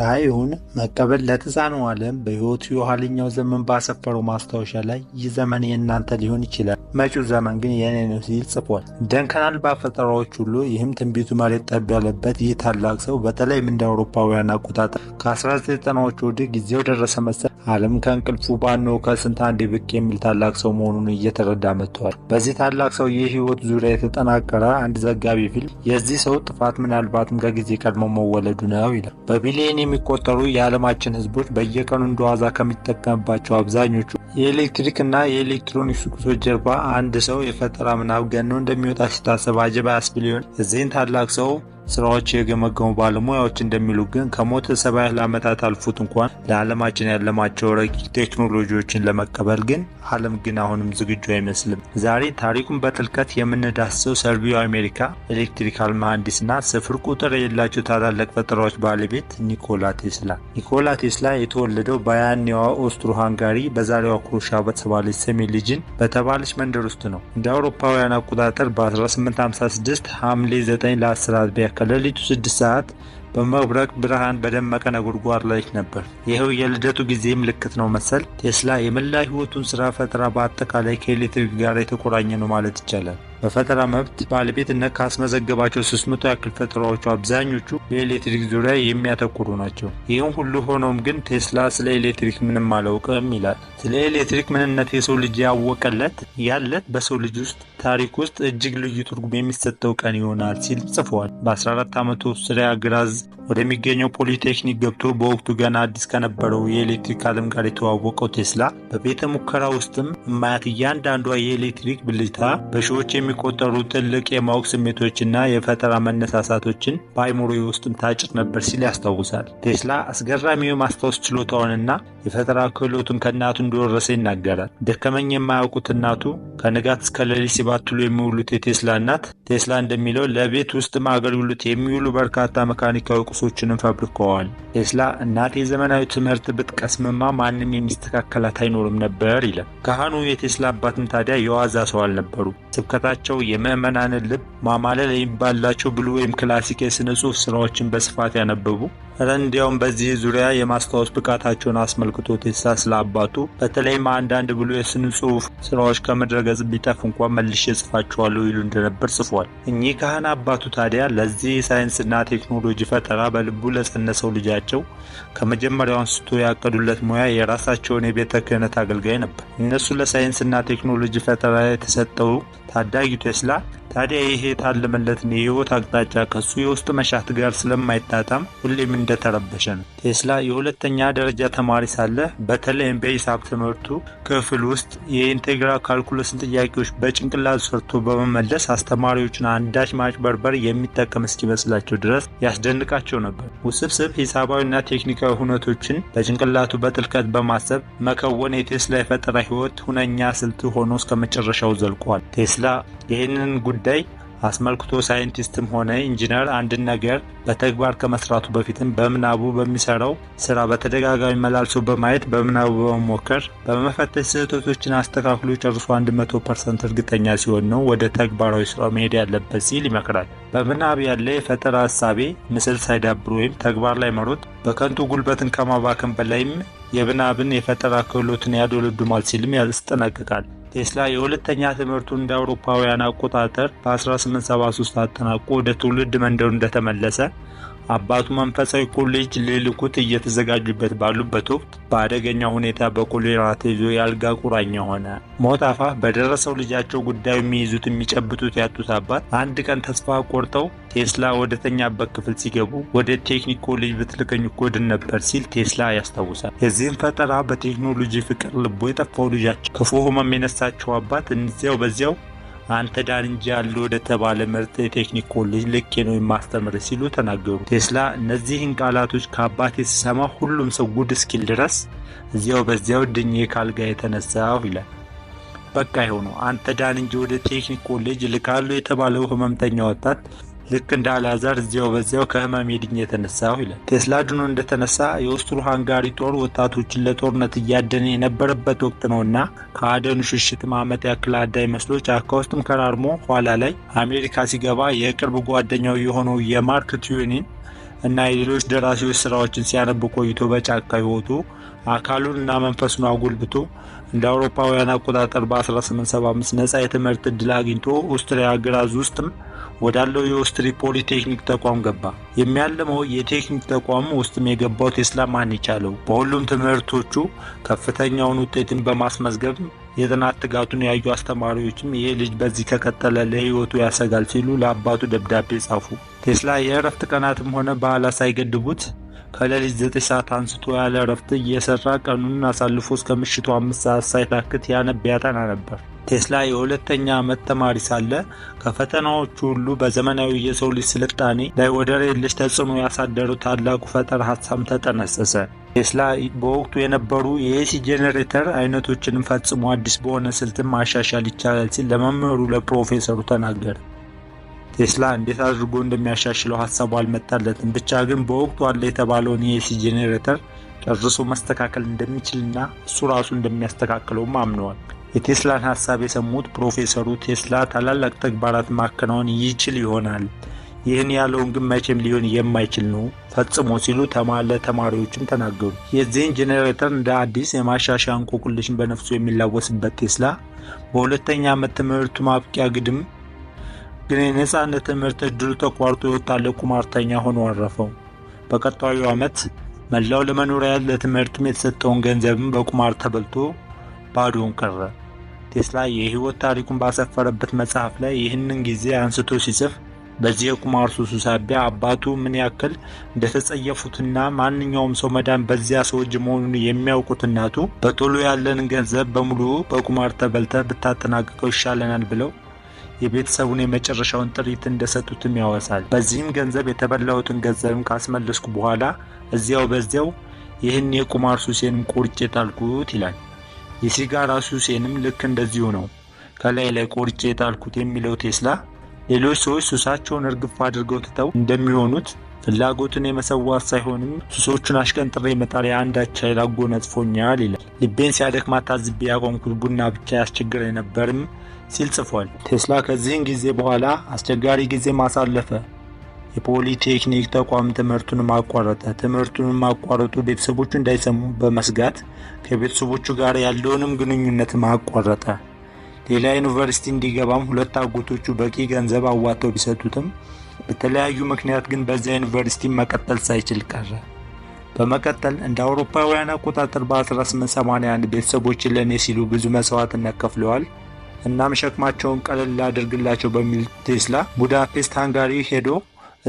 ራእዩን መቀበል ለተሳነው ዓለም በሕይወቱ የኋለኛው ዘመን ባሰፈረው ማስታወሻ ላይ ይህ ዘመን የእናንተ ሊሆን ይችላል። መጪው ዘመን ግን የኔ ነው ሲል ጽፏል። ደንከናል አልባ ሁሉ ይህም ትንቢቱ መሬት ጠብ ያለበት ይህ ታላቅ ሰው በተለይም እንደ አውሮፓውያን አቆጣጠር ከ1990ዎቹ ወዲህ ጊዜው ደረሰ መሰል ዓለም ከእንቅልፉ ባኖ ከስንት አንዴ ብቅ የሚል ታላቅ ሰው መሆኑን እየተረዳ መጥተዋል። በዚህ ታላቅ ሰው የህይወት ዙሪያ የተጠናቀረ አንድ ዘጋቢ ፊልም የዚህ ሰው ጥፋት ምናልባትም ከጊዜ ቀድሞ መወለዱ ነው ይላል። በቢሊየን የሚቆጠሩ የዓለማችን ህዝቦች በየቀኑ እንደዋዛ ከሚጠቀምባቸው አብዛኞቹ የኤሌክትሪክ እና የኤሌክትሮኒክስ ቁሶች ጀርባ አንድ ሰው የፈጠራ ምናብ ገኖ እንደሚወጣ ሲታሰብ አጀብ አያስብል ይሆን? እዚህን ታላቅ ሰው ስራዎች የገመገሙ ባለሙያዎች እንደሚሉ ግን ከሞት ሰባ ያህል ዓመታት አልፉት እንኳን ለዓለማችን ያለማቸው ረቂቅ ቴክኖሎጂዎችን ለመቀበል ግን ዓለም ግን አሁንም ዝግጁ አይመስልም። ዛሬ ታሪኩን በጥልቀት የምንዳስሰው ሰርቢያዊ አሜሪካ ኤሌክትሪካል መሐንዲስና ስፍር ቁጥር የሌላቸው ታላላቅ ፈጠራዎች ባለቤት ኒኮላ ቴስላ። ኒኮላ ቴስላ የተወለደው በያኔዋ ኦስትሮ ሃንጋሪ በዛሬዋ ክሩሻ በተባለች ሰሜን ልጅን በተባለች መንደር ውስጥ ነው። እንደ አውሮፓውያን አቆጣጠር በ1856 ሐምሌ 9 ለአስር አጥቢያ ከሌሊቱ ስድስት ሰዓት በመብረቅ ብርሃን በደመቀ ነጎድጓድ ላይ ነበር። ይኸው የልደቱ ጊዜ ምልክት ነው መሰል። ቴስላ የመላ ሕይወቱን ስራ ፈጠራ በአጠቃላይ ከኤሌክትሪክ ጋር የተቆራኘ ነው ማለት ይቻላል። በፈጠራ መብት ባለቤትነት ካስመዘገባቸው 300 ያክል ፈጠራዎቹ አብዛኞቹ በኤሌክትሪክ ዙሪያ የሚያተኩሩ ናቸው። ይህም ሁሉ ሆኖም ግን ቴስላ ስለ ኤሌክትሪክ ምንም አላውቅም ይላል። ስለ ኤሌክትሪክ ምንነት የሰው ልጅ ያወቀለት ያለት በሰው ልጅ ውስጥ ታሪክ ውስጥ እጅግ ልዩ ትርጉም የሚሰጠው ቀን ይሆናል ሲል ጽፏል። በ14 ዓመቱ ስሪያ ግራዝ ወደሚገኘው ፖሊቴክኒክ ገብቶ በወቅቱ ገና አዲስ ከነበረው የኤሌክትሪክ ዓለም ጋር የተዋወቀው ቴስላ በቤተ ሙከራ ውስጥም እማያት እያንዳንዷ የኤሌክትሪክ ብልጭታ በሺዎች የሚቆጠሩ ትልቅ የማወቅ ስሜቶችና የፈጠራ መነሳሳቶችን በአይምሮ ውስጥም ታጭር ነበር ሲል ያስታውሳል። ቴስላ አስገራሚ የማስታወስ ችሎታውንና የፈጠራ ክህሎቱን ከእናቱ እንደወረሰ ይናገራል። ደከመኝ የማያውቁት እናቱ ከንጋት እስከ ሌሊት ሲባትሉ የሚውሉት የቴስላ እናት ቴስላ እንደሚለው ለቤት ውስጥም አገልግሎት የሚውሉ በርካታ መካኒካዊ ቁሳቁሶችንም ፈብርከዋል። ቴስላ እናት የዘመናዊ ትምህርት ብትቀስምማ ማንም የሚስተካከላት አይኖርም ነበር ይላል። ካህኑ የቴስላ አባትን ታዲያ የዋዛ ሰው አልነበሩ። ስብከታቸው የምዕመናንን ልብ ማማለል የሚባላቸው ብሉ ወይም ክላሲክ የስነ ጽሑፍ ስራዎችን በስፋት ያነበቡ እረ እንዲያውም በዚህ ዙሪያ የማስታወስ ብቃታቸውን አስመልክቶ ቴሳ ስለ አባቱ በተለይም አንዳንድ ብሎ የስነ ጽሑፍ ስራዎች ከምድረ ቢጠፍ እንኳ መልሼ ጽፋቸዋለሁ ይሉ እንደነበር ጽፏል። እኚህ ካህን አባቱ ታዲያ ለዚህ ሳይንስና ቴክኖሎጂ ፈጠራ በልቡ ለጸነሰው ልጃቸው ከመጀመሪያው አንስቶ ያቀዱለት ሙያ የራሳቸውን የቤተ ክህነት አገልጋይ ነበር። እነሱ ለሳይንስና ቴክኖሎጂ ፈጠራ የተሰጠው ታዳጊ ቴስላ ታዲያ ይሄ የታለመለትን የህይወት አቅጣጫ ከሱ የውስጥ መሻት ጋር ስለማይጣጣም ሁሌም እንደተረበሸ ነው። ቴስላ የሁለተኛ ደረጃ ተማሪ ሳለ በተለይም በሂሳብ ትምህርቱ ክፍል ውስጥ የኢንቴግራል ካልኩለስን ጥያቄዎች በጭንቅላት ሰርቶ በመመለስ አስተማሪዎችን አንዳች ማጭበርበር የሚጠቀም እስኪመስላቸው ድረስ ያስደንቃቸው ነበር። ውስብስብ ሂሳባዊና ቴክኒካዊ ሁነቶችን በጭንቅላቱ በጥልቀት በማሰብ መከወን የቴስላ የፈጠራ ህይወት ሁነኛ ስልት ሆኖ እስከ መጨረሻው ዘልቋል። ቴስላ ይህንን ጉዳይ አስመልክቶ ሳይንቲስትም ሆነ ኢንጂነር አንድን ነገር በተግባር ከመስራቱ በፊትም በምናቡ በሚሰራው ስራ በተደጋጋሚ መላልሶ በማየት በምናቡ በመሞከር በመፈተሽ ስህተቶችን አስተካክሎ ጨርሶ 100 ፐርሰንት እርግጠኛ ሲሆን ነው ወደ ተግባራዊ ስራው መሄድ ያለበት ሲል ይመክራል። በምናብ ያለ የፈጠራ ሀሳቤ ምስል ሳይዳብር ወይም ተግባር ላይ መሮጥ በከንቱ ጉልበትን ከማባከን በላይም የምናብን የፈጠራ ክህሎትን ያዶልዱማል ሲልም ያስጠነቅቃል። ቴስላ የሁለተኛ ትምህርቱን እንደ አውሮፓውያን አቆጣጠር በ1873 አጠናቆ ወደ ትውልድ መንደሩ እንደተመለሰ አባቱ መንፈሳዊ ኮሌጅ ሊልኩት እየተዘጋጁበት ባሉበት ወቅት በአደገኛ ሁኔታ በኮሌራ ተይዞ የአልጋ ቁራኛ ሆነ። ሞት አፋፍ በደረሰው ልጃቸው ጉዳዩ የሚይዙት የሚጨብጡት ያጡት አባት አንድ ቀን ተስፋ ቆርጠው ቴስላ ወደ ተኛበት ክፍል ሲገቡ ወደ ቴክኒክ ኮሌጅ ብትልከኝ እኮ ድን ነበር ሲል ቴስላ ያስታውሳል። የዚህም ፈጠራ በቴክኖሎጂ ፍቅር ልቦ የጠፋው ልጃቸው ክፉ ሕመም የነሳቸው አባት እንዚያው በዚያው አንተ ዳር እንጂ ያሉ ወደ ተባለ ምርጥ የቴክኒክ ኮሌጅ ልኬ ነው የማስተምር ሲሉ ተናገሩ። ቴስላ እነዚህን ቃላቶች ከአባቴ ስሰማ ሁሉም ሰው ጉድ እስኪል ድረስ እዚያው በዚያው ድኜ ካልጋ የተነሳሁ ይላል። በቃ ይሆነው አንተ ዳን እንጂ ወደ ቴክኒክ ኮሌጅ ልካሉ የተባለው ህመምተኛ ወጣት ልክ እንደ አልዓዛር እዚያው በዚያው ከህመም ድኜ የተነሳሁ ይላል። ቴስላ ድኖ እንደተነሳ የኦስትሮ ሃንጋሪ ጦር ወጣቶችን ለጦርነት እያደነ የነበረበት ወቅት ነውና ከአደኑ ሽሽት ማመት ያክል አዳኝ መስሎ ጫካ ውስጥም ከራርሞ ኋላ ላይ አሜሪካ ሲገባ የቅርብ ጓደኛው የሆነው የማርክ ቲዩኒን እና የሌሎች ደራሲዎች ስራዎችን ሲያነብ ቆይቶ በጫካ ህይወቱ አካሉን እና መንፈሱን አጉልብቶ እንደ አውሮፓውያን አቆጣጠር በ1875 ነጻ የትምህርት ዕድል አግኝቶ ኦስትሪያ ግራዝ ውስጥም ወዳለው የኦስትሪ ፖሊቴክኒክ ተቋም ገባ። የሚያልመው የቴክኒክ ተቋም ውስጥም የገባው ቴስላ ማን ይቻለው በሁሉም ትምህርቶቹ ከፍተኛውን ውጤትን በማስመዝገብ የጥናት ትጋቱን ያዩ አስተማሪዎችም ይሄ ልጅ በዚህ ከቀጠለ ለህይወቱ ያሰጋል ሲሉ ለአባቱ ደብዳቤ ጻፉ። ቴስላ የእረፍት ቀናትም ሆነ በዓላት ሳይገድቡት ከሌሊት ዘጠኝ ሰዓት አንስቶ ያለ እረፍት እየሰራ ቀኑን አሳልፎ እስከ ምሽቱ አምስት ሰዓት ሳይታክት ያነብ ያጠና ነበር። ቴስላ የሁለተኛ ዓመት ተማሪ ሳለ ከፈተናዎቹ ሁሉ በዘመናዊ የሰው ልጅ ስልጣኔ ላይ ወደር የለሽ ተጽዕኖ ያሳደረው ታላቁ ፈጠራ ሀሳብ ተጠነሰሰ። ቴስላ በወቅቱ የነበሩ የኤሲ ጄኔሬተር አይነቶችንም ፈጽሞ አዲስ በሆነ ስልትም ማሻሻል ይቻላል ሲል ለመምህሩ ለፕሮፌሰሩ ተናገረ። ቴስላ እንዴት አድርጎ እንደሚያሻሽለው ሀሳቡ አልመጣለትም። ብቻ ግን በወቅቱ አለ የተባለውን የኤሲ ጄኔሬተር ጨርሶ መስተካከል እንደሚችልና እሱ ራሱ እንደሚያስተካክለውም አምነዋል። የቴስላን ሀሳብ የሰሙት ፕሮፌሰሩ ቴስላ ታላላቅ ተግባራት ማከናወን ይችል ይሆናል፣ ይህን ያለውን ግን መቼም ሊሆን የማይችል ነው ፈጽሞ ሲሉ ተማለ ተማሪዎችም ተናገሩ። የዚህን ጄኔሬተር እንደ አዲስ የማሻሻያ እንቆቅልሽን በነፍሱ የሚላወስበት ቴስላ በሁለተኛ ዓመት ትምህርቱ ማብቂያ ግድም ግን የነፃነት ትምህርት እድሉ ተቋርጦ የወጣለ ቁማርተኛ ሆኖ አረፈው። በቀጣዩ ዓመት መላው ለመኖሪያ ለትምህርትም የተሰጠውን ገንዘብም በቁማር ተበልቶ ባዶውን ቀረ። ቴስላ የህይወት ታሪኩን ባሰፈረበት መጽሐፍ ላይ ይህንን ጊዜ አንስቶ ሲጽፍ በዚህ የቁማር ሱሱ ሳቢያ አባቱ ምን ያክል እንደተጸየፉትና ማንኛውም ሰው መዳን በዚያ ሰው እጅ መሆኑን የሚያውቁት እናቱ በቶሎ ያለን ገንዘብ በሙሉ በቁማር ተበልተ ብታጠናቅቀው ይሻለናል ብለው የቤተሰቡን የመጨረሻውን ጥሪት እንደሰጡትም ያወሳል። በዚህም ገንዘብ የተበላሁትን ገንዘብም ካስመለስኩ በኋላ እዚያው በዚያው ይህን የቁማር ሱሴንም ቆርጬ ጣልኩት ይላል። የሲጋራ ሱሴንም ልክ እንደዚሁ ነው። ከላይ ላይ ቆርጬ ጣልኩት የሚለው ቴስላ ሌሎች ሰዎች ሱሳቸውን እርግፍ አድርገው ትተው እንደሚሆኑት ፍላጎትን የመሰዋት ሳይሆንም ሱሶቹን አሽቀንጥሬ መጣሪያ አንዳች ኃይል ይላል። ልቤን ሲያደክማት ታዝቤ ያቆምኩት ቡና ብቻ ያስቸግር አይነበርም ሲል ጽፏል። ቴስላ ከዚህን ጊዜ በኋላ አስቸጋሪ ጊዜ ማሳለፈ። የፖሊቴክኒክ ተቋም ትምህርቱን ማቋረጠ ትምህርቱን ማቋረጡ ቤተሰቦቹ እንዳይሰሙ በመስጋት ከቤተሰቦቹ ጋር ያለውንም ግንኙነት ማቋረጠ ሌላ ዩኒቨርሲቲ እንዲገባም ሁለት አጎቶቹ በቂ ገንዘብ አዋተው ቢሰጡትም በተለያዩ ምክንያት ግን በዚያ ዩኒቨርሲቲ መቀጠል ሳይችል ቀረ። በመቀጠል እንደ አውሮፓውያን አቆጣጠር በ1881 ቤተሰቦችን ለእኔ ሲሉ ብዙ መስዋዕትነት ከፍለዋል። እናም ሸክማቸውን ቀለል ላድርግላቸው በሚል ቴስላ ቡዳፔስት ሃንጋሪ ሄዶ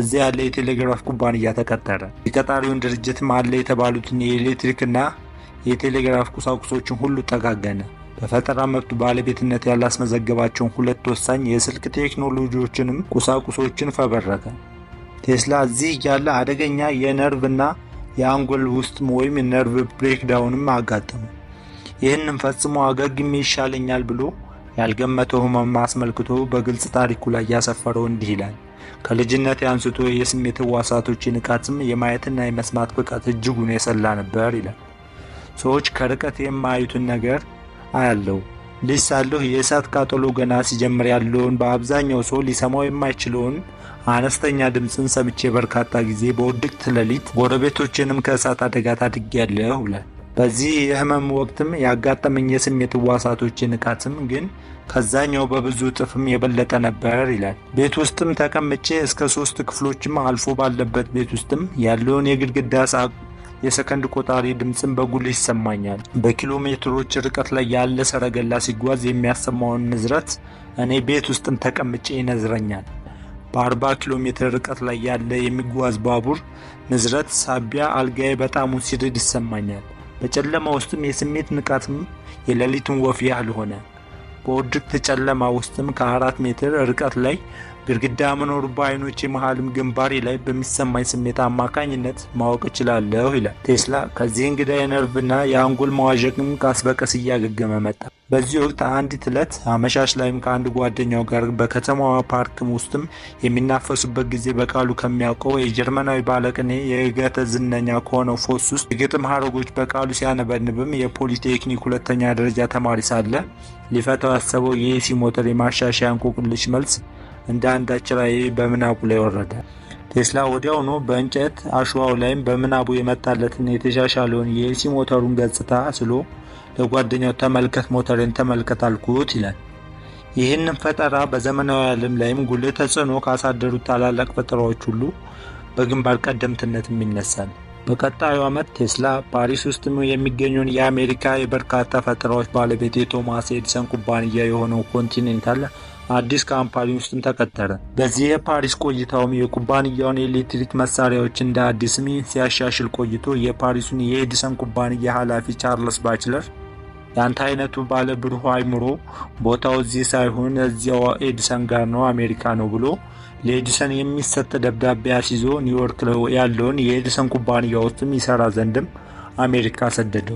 እዚያ ያለ የቴሌግራፍ ኩባንያ ተቀጠረ። የቀጣሪውን ድርጅትም አለ የተባሉትን የኤሌክትሪክና የቴሌግራፍ ቁሳቁሶችን ሁሉ ጠጋገነ። በፈጠራ መብቱ ባለቤትነት ያላስመዘገባቸውን ሁለት ወሳኝ የስልክ ቴክኖሎጂዎችንም ቁሳቁሶችን ፈበረከ። ቴስላ እዚህ እያለ አደገኛ የነርቭ የአንጎል ውስጥ ወይም የነርቭ ብሬክዳውንም አጋጠመ ይህንም ፈጽሞ አገግሜ ይሻለኛል ብሎ ያልገመተው ህመም አስመልክቶ በግልጽ ታሪኩ ላይ ያሰፈረው እንዲህ ይላል። ከልጅነት አንስቶ የስሜት ህዋሳቶች ንቃትም የማየትና የመስማት ብቃት እጅጉን የሰላ ነበር ይላል። ሰዎች ከርቀት የማያዩትን ነገር አያለው። ልጅ ሳለሁ የእሳት ቃጠሎ ገና ሲጀምር ያለውን በአብዛኛው ሰው ሊሰማው የማይችለውን አነስተኛ ድምፅን ሰምቼ በርካታ ጊዜ በውድቅት ሌሊት ጎረቤቶችንም ከእሳት አደጋ ታድጌያለሁ ብሏል። በዚህ የህመም ወቅትም ያጋጠመኝ የስሜት ህዋሳቶች ንቃትም ግን ከዛኛው በብዙ ጥፍም የበለጠ ነበር ይላል። ቤት ውስጥም ተቀምጬ እስከ ሶስት ክፍሎችም አልፎ ባለበት ቤት ውስጥም ያለውን የግድግዳ ሳ የሰከንድ ቆጣሪ ድምፅን በጉል ይሰማኛል። በኪሎ ሜትሮች ርቀት ላይ ያለ ሰረገላ ሲጓዝ የሚያሰማውን ንዝረት እኔ ቤት ውስጥም ተቀምጬ ይነዝረኛል። በ40 ኪሎ ሜትር ርቀት ላይ ያለ የሚጓዝ ባቡር ንዝረት ሳቢያ አልጋዬ በጣም ሲድድ ይሰማኛል። በጨለማ ውስጥም የስሜት ንቃትም የሌሊቱን ወፍ ያህል ሆነ። በውድቅት ጨለማ ውስጥም ከአራት ሜትር ርቀት ላይ ግድግዳ መኖሩ በአይኖቼ መሀልም ግንባሬ ላይ በሚሰማኝ ስሜት አማካኝነት ማወቅ እችላለሁ ይላል ቴስላ። ከዚህ እንግዳ የነርቭና የአንጎል መዋዠቅም ቀስ በቀስ እያገገመ መጣ። በዚህ ወቅት አንዲት ዕለት አመሻሽ ላይም ከአንድ ጓደኛው ጋር በከተማዋ ፓርክም ውስጥም የሚናፈሱበት ጊዜ በቃሉ ከሚያውቀው የጀርመናዊ ባለቅኔ የገተ ዝነኛ ከሆነው ፎስ ውስጥ የግጥም ሀረጎች በቃሉ ሲያነበንብም የፖሊቴክኒክ ሁለተኛ ደረጃ ተማሪ ሳለ ሊፈታው ያሰበው የኤሲ ሞተር የማሻሻያ እንቆቅልሽ መልስ እንደ አንድ አጭራይ በምናቡ ላይ ወረደ። ቴስላ ወዲያውኑ በእንጨት አሸዋው ላይም በምናቡ የመጣለትን የተሻሻለውን የኤሲ ሞተሩን ገጽታ ስሎ ለጓደኛው ተመልከት፣ ሞተሬን ተመልከት አልኩት ይላል። ይህንን ፈጠራ በዘመናዊ ዓለም ላይም ጉልህ ተጽዕኖ ካሳደሩት ታላላቅ ፈጠራዎች ሁሉ በግንባር ቀደምትነትም ይነሳል። በቀጣዩ ዓመት ቴስላ ፓሪስ ውስጥ የሚገኘውን የአሜሪካ የበርካታ ፈጠራዎች ባለቤት የቶማስ ኤዲሰን ኩባንያ የሆነው ኮንቲኔንታል አዲስ ካምፓኒ ውስጥም ተቀጠረ። በዚህ የፓሪስ ቆይታውም የኩባንያውን የኤሌክትሪክ መሳሪያዎች እንደ አዲስ ሚን ሲያሻሽል ቆይቶ የፓሪሱን የኤዲሰን ኩባንያ ኃላፊ ቻርልስ ባችለር ያንተ አይነቱ ባለ ብሩህ አይምሮ ቦታው እዚህ ሳይሆን እዚያው ኤዲሰን ጋር ነው አሜሪካ ነው ብሎ ለኤዲሰን የሚሰጥ ደብዳቤ አስይዞ ኒውዮርክ ያለውን የኤዲሰን ኩባንያ ውስጥም ይሰራ ዘንድም አሜሪካ ሰደደው።